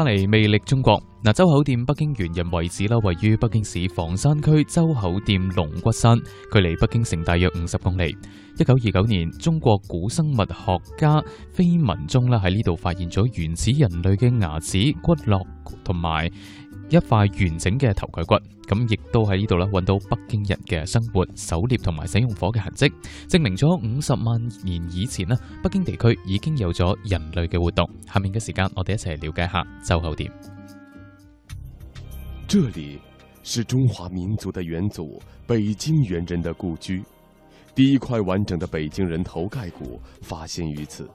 翻嚟魅力中國嗱，周口店北京猿人遺址啦，位於北京市房山區周口店龍骨山，距離北京城大約五十公里。一九二九年，中國古生物學家裴文中啦喺呢度發現咗原始人類嘅牙齒、骨骼同埋。一塊完整嘅頭蓋骨，咁亦都喺呢度啦，揾到北京人嘅生活、狩獵同埋使用火嘅痕迹，證明咗五十萬年以前呢，北京地區已經有咗人類嘅活動。下面嘅時間，我哋一齊了解下周口店。這裡是中華民族的遠祖北京猿人的故居，第一塊完整的北京人頭蓋骨發現於此。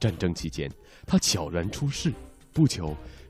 戰爭期間，他悄然出世，不久，